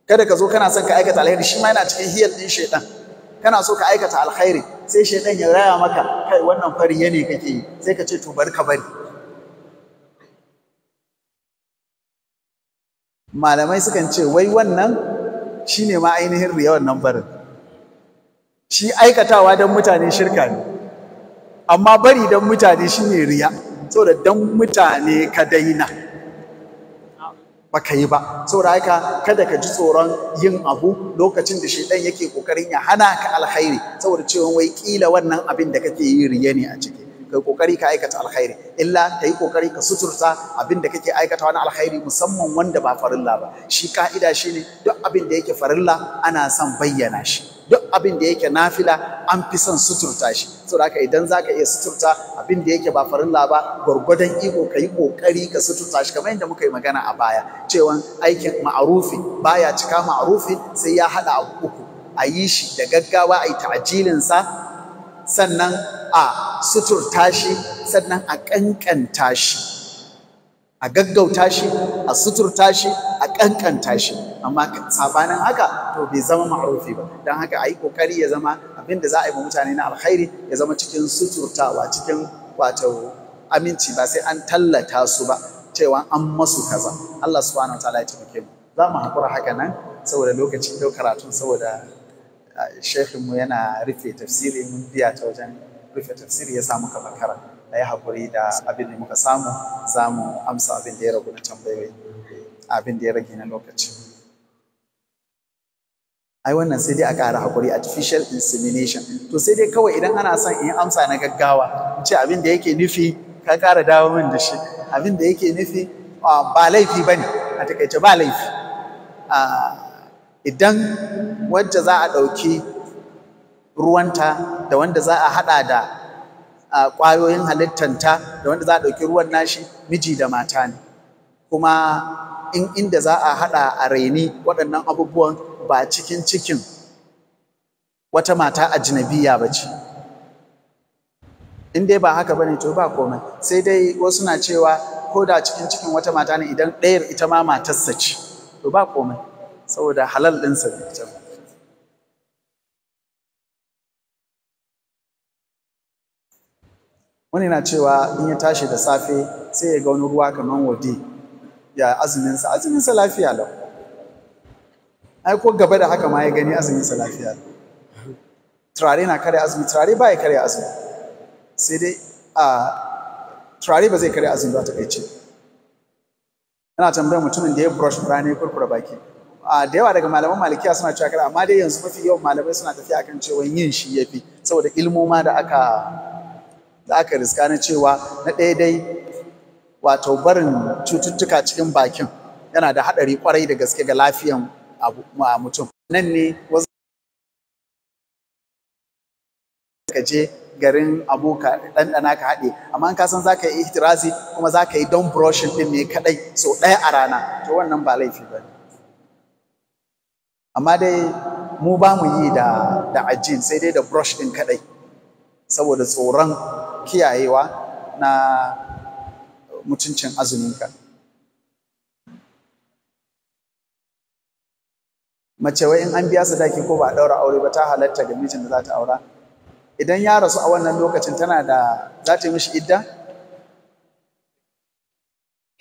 kada ka zo kana son ka aikata alkhairi shi ma yana cikin hiyar ɗin shaidan kana so ka aikata alkhairi sai shaidan ya raya maka kai wannan fari ne kake yi sai ka ce to bari ka bari malamai sukan ce wai wannan shi ne ma ainihin riyawar nan barin shi aikatawa don mutane shirka ne amma bari don mutane shi ne riya saboda don mutane ka daina ba yi ba saboda haka kada ka ji tsoron yin abu lokacin da shi ɗan yake kokarin ya hana ka alkhairi saboda cewa wai kila wannan abin da kake yi riya ne a ciki kai kokari ka aikata alkhairi illa kai kokari ka suturta abin da kake aikata wani alkhairi musamman wanda ba farilla ba shi ka'ida shine duk abin da yake farilla ana son bayyana shi duk abin da yake nafila an fi son suturta shi saboda haka idan zaka iya suturta abin da yake ba farilla ba gwargwadon iko ka yi kokari ka suturta shi kamar yadda muka yi magana a baya cewa aikin ma'arufi baya cika ma'arufi sai ya hada abu uku a yi shi da gaggawa a yi ta'ajilin sa sannan a suturta shi sannan a ƙanƙanta shi a gaggauta shi a suturta shi a ƙanƙanta shi amma sabanin haka to bai zama ma'rufi ba don haka ayi yi ƙoƙari ya zama abinda za a yi wa mutane na alkhairi ya zama cikin suturtawa cikin wato aminci ba sai an tallata su ba cewa an masu kaza Allah subhanahu wa ta'ala ya taimake mu za mu haƙura haka nan saboda lokacin yau karatun saboda shekinmu yana rufe tafsiri mun biya ta wajen rufe tafsiri ya samu kamar kara a yi haƙuri da abin da muka samu za mu amsa abin da ya ragu na tambayoyi abin da ya rage na lokaci ai wannan sai dai a ƙara haƙuri artificial insemination to sai dai kawai idan ana son in amsa na gaggawa in ce abin da yake nufi ka ƙara dawo min da shi abin da yake nufi ah, ba laifi ba ne a takaice ba laifi ah, idan wacce za a ɗauki ruwanta da wanda za a haɗa da ƙwayoyin halittanta da wanda za a ɗauki ruwan nashi miji da mata ne kuma in inda za a haɗa a raini waɗannan abubuwan ba cikin cikin wata mata ajinabiya ba ce in dai ba haka ba ne to ba komai sai dai wasu na cewa ko da cikin cikin wata mata ne idan ɗayar ita ma matarsa ce to ba komai saboda halal ɗinsa ne can wani na cewa in ya tashi da safe sai ya ga wani ruwa kamar waje ya azuminsa azuminsa lafiya lau ai ko gaba da haka ma ya gani azuminsa lafiya lau turare na kare azumi turare ba ya kare azumi sai dai a turare ba zai kare azumi ba ta kai ce Ina tambayar mutumin da ya brush rana ya kurkura baki A da yawa daga malaman malikiya suna cewa kada amma dai yanzu mafi yawan malamai suna tafiya kan cewa yin shi yafi saboda ilmoma da aka da aka riska na cewa na ɗaya dai wato barin cututtuka cikin bakin yana da haɗari kwarai da gaske ga lafiyan mutum nan ne wasu ka je garin aboka ɗanɗana ka haɗe amma ka san zaka yi ihtirazi kuma zaka yi don brushing ɗin ne kaɗai sau ɗaya a rana to wannan ba laifi ba amma dai mu ba mu yi da da ajin sai dai da brush din kadai saboda tsoron kiyayewa na mutuncin azuminka mace wai in an biya sadaki ko ba a daura aure ba ta halatta ga mijin da za ta aura idan ya rasu a wannan lokacin tana da za ta yi mishi idda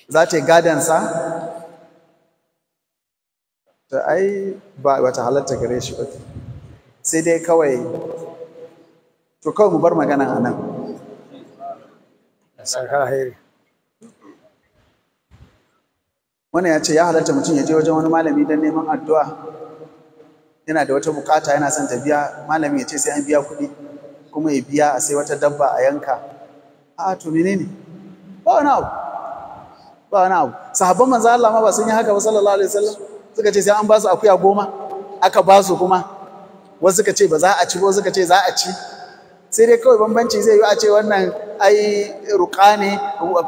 za ta yi gadansa to ai ba wata halatta gare shi ba sai dai kawai to kawai mu bar magana a nan wani ya ce ya halatta mutum ya je wajen wani malami don neman addu'a yana da wata bukata yana son ta biya malami ya ce sai an biya kuɗi kuma ya biya a sai wata dabba a yanka a to menene ba wani abu ba wani abu sahabban manzo Allah ma ba sun yi haka ba sallallahu alaihi wasallam suka ce sai an ba su akuya goma aka ba su kuma wasu suka ce ba za a ci ba suka ce za a ci sai dai kawai bambanci zai yi a ce wannan ai ruka ne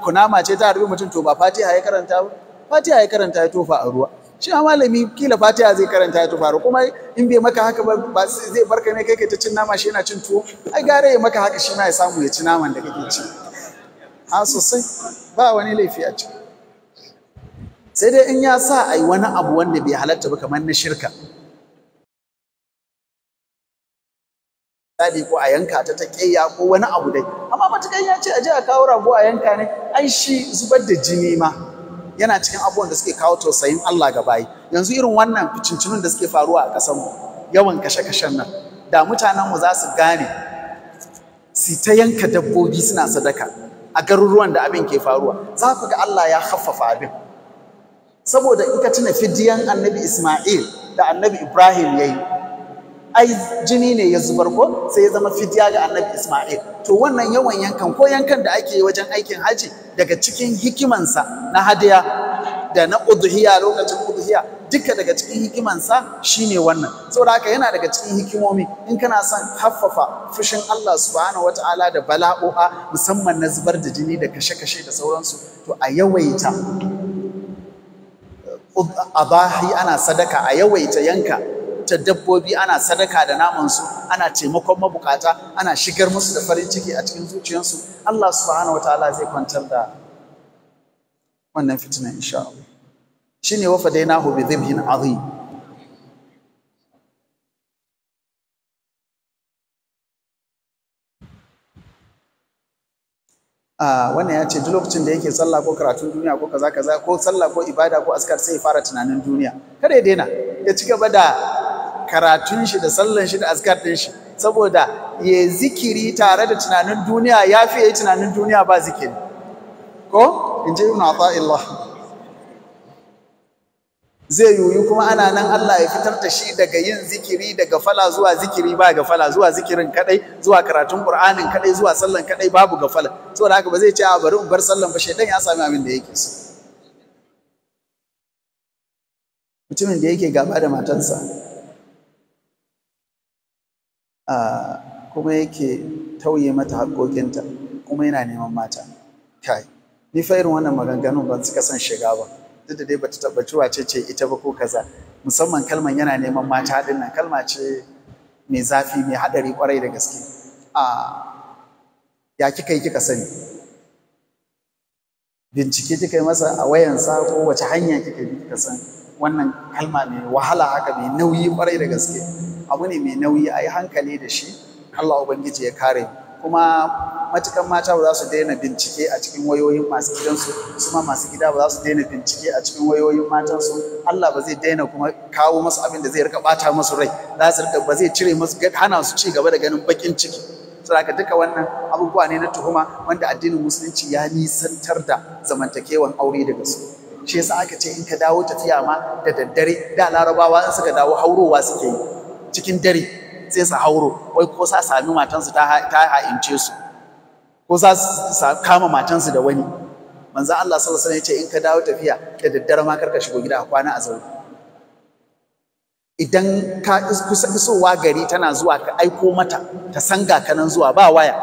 kunama ce ta harbi mutum to ba fatiha ya karanta ba fatiha ya karanta ya tofa a ruwa shi ma malami kila fatiha zai karanta ya tofa kuma in bai maka haka ba zai barka ne kai kai ta cin nama shi yana cin tuwo ai gare ya maka haka shi ma ya samu ya ci naman da kake ci ha sosai ba wani laifi a ciki sai dai in ya sa yi wani abu wanda bai halatta ba kamar na shirka ko a yanka ta taƙiyya ko wani abu dai amma matukan ya ce a je a kawo rago a yanka ne ai shi zubar da jini ma yana cikin abubuwan da suke kawo tausayin Allah ga bayi yanzu irin wannan ficincinun da suke faruwa a ƙasar mu yawan kashe-kashen nan da mutanen mu za su gane su ta yanka dabbobi suna sadaka a garuruwan da abin ke faruwa za ku ga Allah ya haffafa abin saboda in ka tuna fidiyan annabi Ismail da annabi Ibrahim ya yi ai jini ne ya zubar ko sai ya zama fidiya ga annabi Ismail to wannan yawan yankan ko yankan da ake yi wajen aikin haji daga cikin hikimansa na hadiya da na udhiya lokacin udhiya duka daga cikin hikimansa shine wannan saboda haka yana daga cikin hikimomi in kana son haffafa fushin Allah subhanahu wataala da bala'o'a musamman na zubar da jini da kashe-kashe da sauransu to a yawaita abahi ana sadaka a yawaita yanka ta dabbobi ana sadaka da namansu ana taimakon mabukata ana shigar musu da farin ciki a cikin zuciyarsu Allah subhanahu wataala zai kwantar da wannan fitina insha Allah shine wafadainahu bi dhibhin azim wannan ya ce duk lokacin da yake sallah ko karatun duniya ko kaza kaza ko sallah ko ibada ko askar sai ya fara tunanin duniya kada ya daina ya ci gaba da karatun shi da sallan shi da askar din shi saboda ya zikiri tare da tunanin duniya ya fi ya yi tunanin duniya ba zikiri ko in ji ibn ata'illah zai yuyu kuma ana nan Allah ya fitar da shi daga yin zikiri daga fala zuwa zikiri ba gafala zuwa zikirin kadai zuwa karatun Qur'anin kadai zuwa sallan kadai babu gafala saboda haka ba zai ce a bari in bar sallan ba shedan ya sami abin da yake so mutumin da yake gaba da matansa a kuma yake tauye mata haƙoƙinta kuma yana neman mata kai ni fa irin wannan maganganun ban suka san shiga ba duk da dai bata tabbaci wace ce ce ita ba ko kaza musamman kalman yana neman mata din nan kalma ce mai zafi mai hadari kwarai da gaske a ya kika yi kika sani bincike kika yi masa a wayansa ko wace hanya kika yi kika san wannan kalma mai wahala haka mai nauyi kwarai da gaske abu ne mai nauyi a yi hankali da shi Allah Ubangiji ya kare mu kuma matukan mata ba za su daina bincike a cikin wayoyin masu gidansu su ma masu gida ba za su daina bincike a cikin wayoyin matansu Allah ba zai daina kuma kawo masu abin da zai rika bata musu rai za su rika ba zai cire musu hana su ci gaba da ganin bakin ciki saboda duka wannan abubuwa ne na tuhuma wanda addinin musulunci ya nisantar da zamantakewan aure daga su shi yasa aka ce in ka dawo tafiya ma da daddare da larabawa in suka dawo haurowa suke yi cikin dare sai su hauro wai ko sa sami matansu ta ha'ince su ko sa kama matansu da wani manzo Allah sallallahu alaihi wasallam ya ce in ka dawo tafiya da daddare ma karka shigo gida a kwana a zaune idan ka kusa isowa gari tana zuwa ka aiko mata ta sanga ka nan zuwa ba waya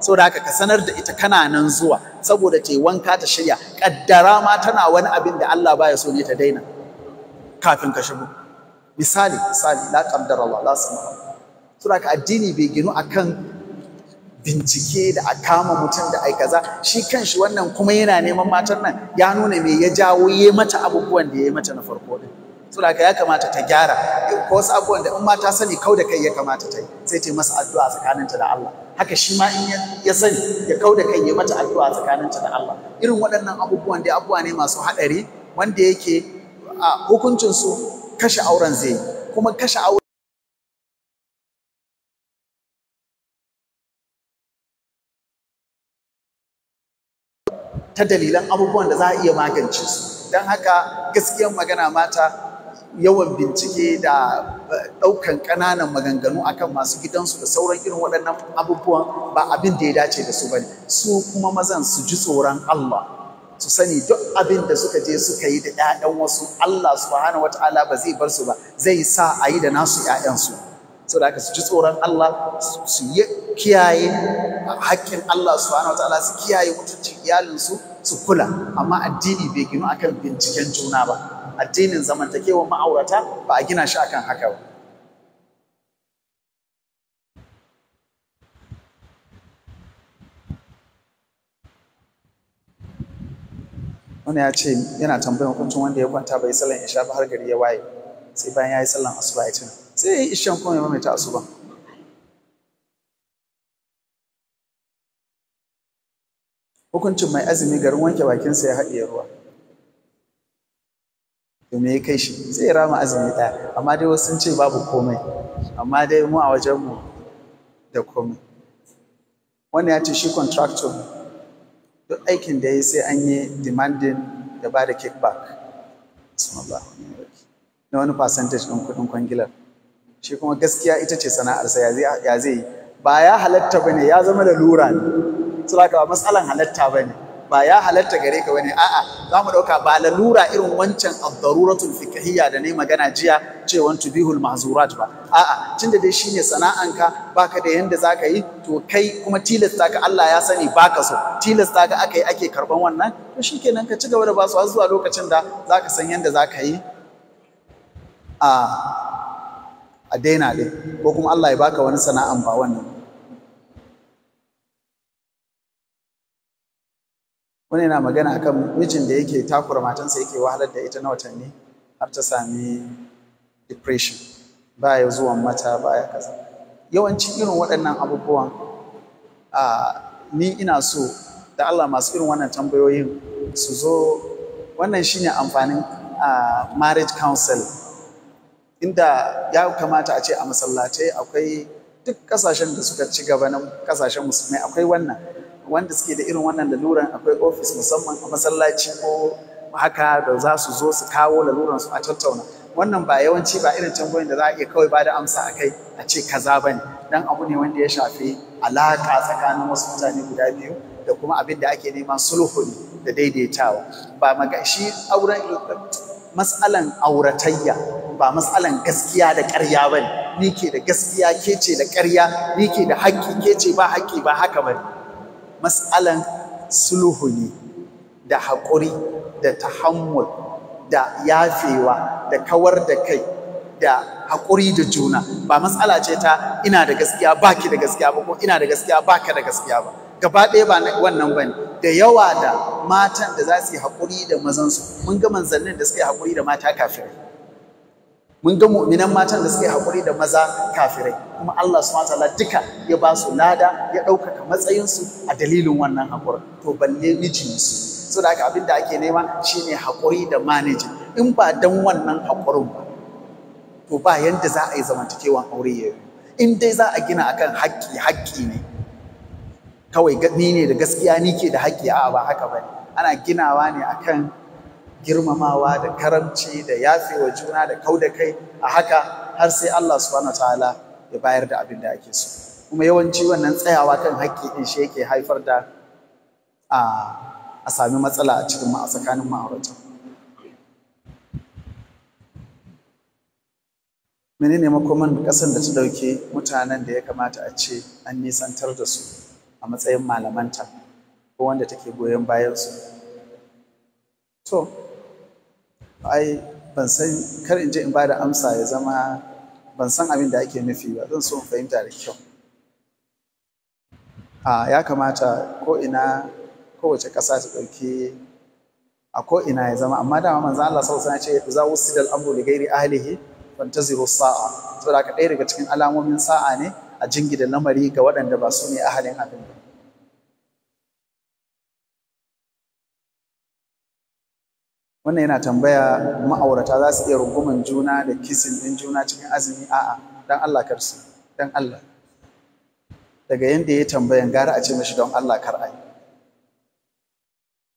saboda haka ka sanar da ita kana nan zuwa saboda ta wanka ta shirya kaddara ma tana wani abin da Allah baya so ne ta daina kafin ka shigo misali misali la qaddara la ka addini bai ginu kan bincike da a kama mutum da ai kaza shi kanshi wannan kuma yana neman matan nan ya nuna me ya jawo ya mata abubuwan da ya mata na farko din saboda ya kamata ta gyara ko wasu abubuwan da in mata sani kau da kai ya kamata ta yi sai ta yi masa addu'a tsakaninta da Allah haka shi ma in ya sani ya kau da kai ya mata addu'a tsakaninta da Allah irin waɗannan abubuwan da abubuwa ne masu haɗari wanda yake a su kashe auren zai kuma kashe auren ta dalilan abubuwan da za a iya magance su don haka gaskiyar magana mata yawan bincike da eh, ɗaukan ƙananan maganganu akan masu gidansu da sauran irin waɗannan abubuwan ba abin da ya dace da su bane su kuma mazan su ji tsoron Allah su sani duk abin da suka je suka yi da 'ya'yan wasu Allah subhanahu wataala ba zai bar su ba zai sa a yi da nasu 'ya'yansu saboda haka su ji tsoron Allah su kiyaye haƙƙin Allah subhanahu ta'ala su kiyaye mutuncin iyalinsu su kula amma addini bai ginu akan binciken juna ba addinin zamantakewar ma'aurata ba a gina shi akan haka ba wani ya ce yana tambayar hukuncin wanda ya kwanta bai sallan isha ba har gari ya waye sai bayan ya yi sallan asuba sai ya yi ishan kuma ya mamaita asuba hukuncin mai azumi garin wanke bakinsa ya haɗiye ruwa to me ya kai shi sai ya rama azumi ɗaya amma dai wasu sun ce babu komai amma dai mu a wajenmu da komai Wani ya ce shi contractor duk aikin da ya sai an yi demanding da ba da kickback na wani percentage ɗin kuɗin kwangilar shi kuma gaskiya ita ce sana'arsa ya zai yi ba ya halatta ba ya zama lura ne saboda ba matsalan halatta ba ne ba ya halatta gare ka ba ne a'a za mu ɗauka ba lalura irin wancan ad-daruratul fiqhiyya da ne magana jiya cewan tubihul mahzurat ba a'a tunda dai shine sana'anka baka da yanda zaka yi to kai kuma tilasta ka Allah ya sani baka so tilasta ka aka yi ake karban wannan to shikenan ka ci gaba da basu har zuwa lokacin da zaka san yanda zaka yi a ah, a daina ɗin ko kuma Allah ya baka wani sana'an ba wannan wani yana magana akan mijin da yake takura matansa yake wahalar da ita na watanni har ta sami depression Ba ya zuwan mata ba ya kaza yawanci irin waɗannan abubuwan ni ina so da Allah masu irin wannan tambayoyin su zo wannan shine amfanin marriage counseling inda ya kamata a ce a masallatai akwai duk kasashen da suka ci gaba na kasashen musulmai akwai wannan wanda suke da irin wannan laluran akwai ofis musamman a masallaci ko haka da za su zo su kawo laluran su a tattauna wannan ba yawanci ba irin tambayoyin da za a iya kawai ba da amsa a kai a ce kaza ba ne dan abu ne wanda ya shafi alaka tsakanin wasu mutane guda biyu da kuma abin da ake nema sulhu ne da daidaitawa ba maga shi auren mas'alan auratayya ba matsalan gaskiya da ƙarya ba ne ni ke da gaskiya ke ce da ƙarya ni ke da haƙƙi ke ce ba haƙƙi ba haka ba matsalan sulhu ne da haƙuri da tahammul da yafewa da kawar da kai da haƙuri da juna ba matsala ce ta ina da gaskiya ba ki da gaskiya ba ko ina da gaskiya ba ka da gaskiya ba gaba ɗaya ba wannan ba ne da yawa da matan da za su yi haƙuri da mazansu mun ga manzannin da suka yi haƙuri da mata kafirai mun ga mu'minan matan da suke hakuri haƙuri da maza kafirai kuma Allah subhanahu wataala duka ya ba su lada ya ɗaukaka matsayinsu a dalilin wannan haƙuri to balle miji su so da haka abin da ake nema shine haƙuri da manage in ba dan wannan haƙurin ba to ba yanda za a yi zamantakewan aure ya in dai za a gina akan haƙƙi haƙƙi ne kawai ni ne da gaskiya ni ke da haƙƙi a ba haka bane ana ginawa ne akan girmamawa da karamci da yafe wa juna da kau da kai a haka har sai Allah subhanahu ta'ala ya bayar da abin da ake so kuma yawanci wannan tsayawa kan haƙƙi din shi yake haifar da a a sami matsala a cikin a tsakanin ma'aurata menene makoman ƙasar da ta ɗauke mutanen da ya kamata a ce an nisantar da su a matsayin malamanta ko wanda take goyon bayansu to ai ban san kar in je in bada amsa ya zama ban san abin da ake nufi ba zan so in fahimta da kyau a ya kamata ko ina kowace ƙasa ta ɗauki a ko ina ya zama amma dama manzo Allah sallallahu alaihi wasallam ya ce za usida d'al amru li ghairi ahlihi fantaziru sa'a saboda ka ɗaya daga cikin alamomin sa'a ne a jingida lamari ga waɗanda ba su ne ahalin abin ba wannan yana tambaya ma'aurata za su iya runguman juna da kisin ɗin juna cikin azumi a'a dan Allah kar su dan Allah daga yanda ya tambayan gara a ce mashi don Allah kar ai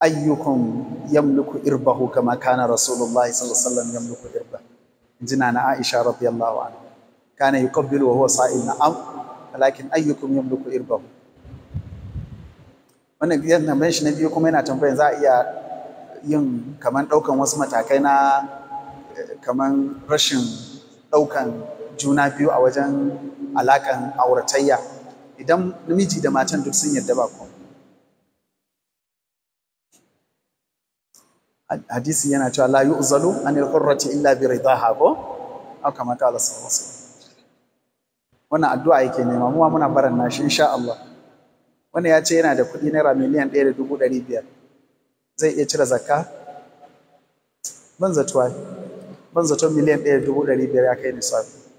ayyukum yamluku irbahu kama kana rasulullahi sallallahu alaihi wasallam yamluku irba jina na Aisha radiyallahu anha kana yuqabbilu wa huwa sa'il na'am lakin ayyukum yamluku irbahu wannan yana ban shi na biyu kuma yana tambayan za a iya yin kamar ɗaukan wasu matakai na eh, kamar rashin ɗaukan juna biyu a wajen alaƙan auratayya idan namiji da matan duk sun yadda ba ku hadisi yana cewa la yu'zalu yi hurrati illa bi ridaha ko aw kama qala sallallahu wannan addu'a yake nema mu muna barin nashi insha Allah wannan ya ce yana da kuɗi naira miliyan ɗaya da dubu ɗari biyar zai iya cire zakka ban zatuwa miliyan ɗaya dubu ɗari biyar ya kai nisafi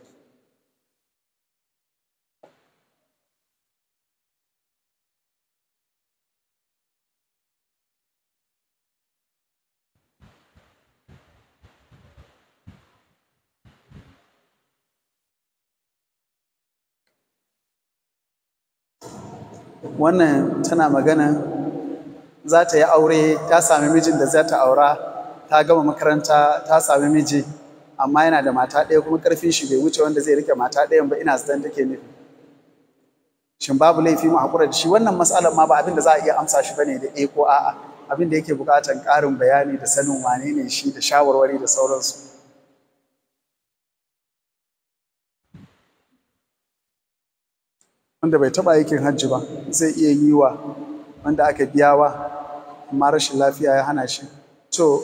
wannan tana magana za ta yi aure ta sami mijin da za ta aura ta gama makaranta ta sami miji amma yana da mata ɗaya kuma ƙarfin shi bai wuce wanda zai rike mata ɗayan ba ina zidan take nufi shin babu laifi mu hakura da shi wannan matsalar ma ba abin da za a iya amsa shi bane da eh ko a'a abin da yake buƙatar ƙarin bayani da sanin wane ne shi da shawarwari da sauransu wanda bai taɓa aikin hajji ba zai iya yi wa wanda aka biya wa amma rashin lafiya ya hana shi to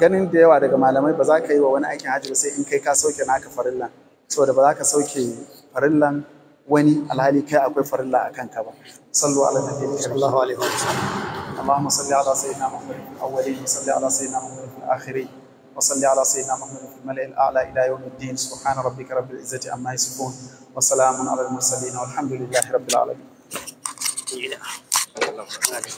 ganin da yawa daga malamai ba za ka yi wa wani aikin hajji sai in kai ka sauke naka farillan saboda ba za ka sauke farillan wani alhali kai akwai farilla a kanka ba sallu ala nabi sallallahu alaihi wa sallam ala صل على سيدنا محمد في ala وصل على سيدنا محمد Wa الاخرين وصل على سيدنا محمد في الملأ الاعلى الى يوم الدين سبحان ربك رب Gracias.